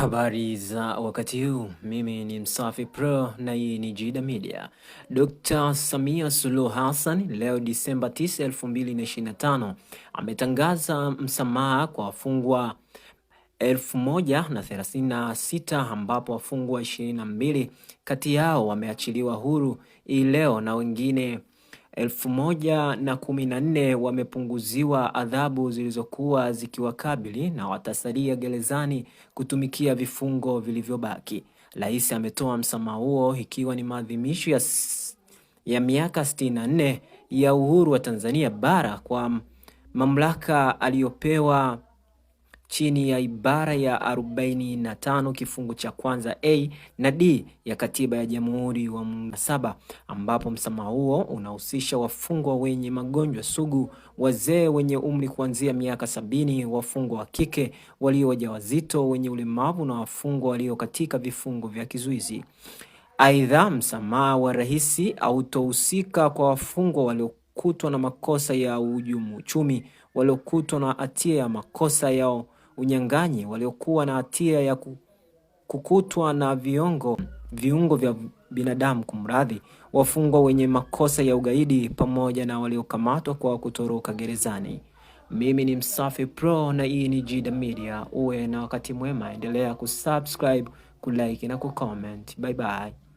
Habari za wakati huu, mimi ni Msafi Pro na hii ni Jida Media. Dr. Samia Suluhu Hassan leo Disemba 9, 2025 ametangaza msamaha kwa wafungwa 1136 ambapo wafungwa 22 kati yao wameachiliwa huru hii leo na wengine elfu moja na kumi na nne wamepunguziwa adhabu zilizokuwa zikiwakabili na watasalia gerezani kutumikia vifungo vilivyobaki. Rais ametoa msamaha huo ikiwa ni maadhimisho ya, ya miaka 64 ya uhuru wa Tanzania bara kwa mamlaka aliyopewa chini ya ibara ya 45 kifungu cha kwanza A na D ya katiba ya Jamhuri wa saba, ambapo msamaha huo unahusisha wafungwa wenye magonjwa sugu, wazee wenye umri kuanzia miaka sabini, wafungwa wa kike walio wajawazito, wenye ulemavu na wafungwa walio katika vifungo vya kizuizi. Aidha, msamaha wa rais autohusika kwa wafungwa waliokutwa na makosa ya uhujumu uchumi, waliokutwa na hatia ya makosa yao unyang'anyi waliokuwa na hatia ya kukutwa na viongo, viungo vya binadamu kumradhi, wafungwa wenye makosa ya ugaidi pamoja na waliokamatwa kwa kutoroka gerezani. Mimi ni Msafi Pro na hii ni Jida Media. Uwe na wakati mwema, endelea kusubscribe, kulike na kucomment. Bye bye.